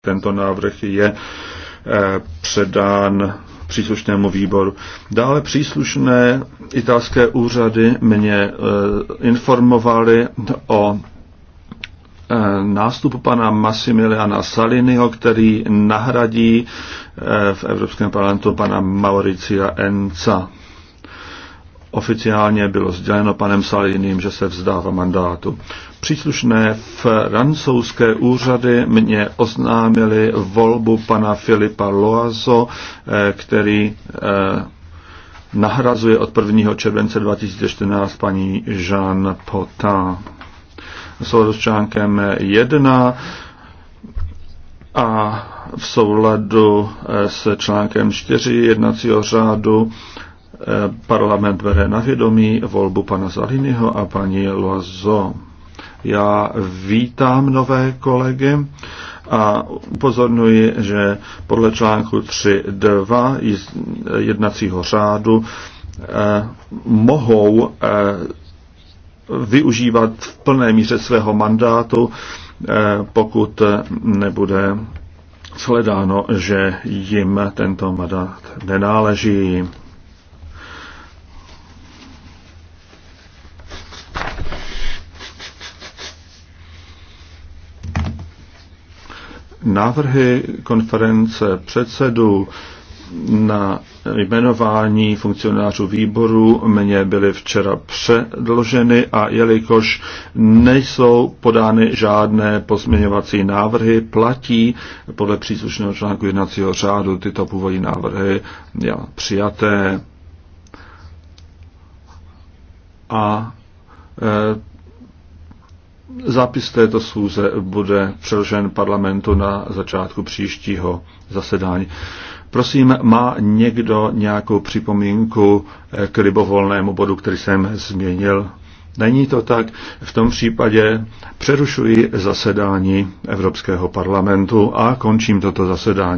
tento návrh je eh, předán příslušnému výboru. Dále příslušné italské úřady mě eh, informovali o eh, nástupu pana Massimiliana Saliniho, který nahradí v Evropském parlamentu pana Mauricia Enca. Oficiálně bylo sděleno panem Saliným, že se vzdává mandátu. Příslušné francouzské úřady mě oznámili volbu pana Filipa Loazo, eh, který eh, nahrazuje od 1. července 2014 paní Jean Potin. V souladu s článkem 1 a v souladu eh, s článkem 4 jednacího řádu Parlament bere na vědomí volbu pana Zaliniho a paní Loazo. Já vítám nové kolegy a upozorňuji, že podle článku 3.2 jednacího řádu eh, mohou eh, využívat v plné míře svého mandátu, eh, pokud nebude sledáno, že jim tento mandát nenáleží. Návrhy konference předsedů na jmenování funkcionářů výboru mně byly včera předloženy a jelikož nejsou podány žádné pozměňovací návrhy, platí podle příslušného článku jednacího řádu tyto původní návrhy já, přijaté a e, Zápis této schůze bude přeložen parlamentu na začátku příštího zasedání. Prosím, má někdo nějakou připomínku k libovolnému bodu, který jsem změnil? Není to tak. V tom případě přerušuji zasedání Evropského parlamentu a končím toto zasedání.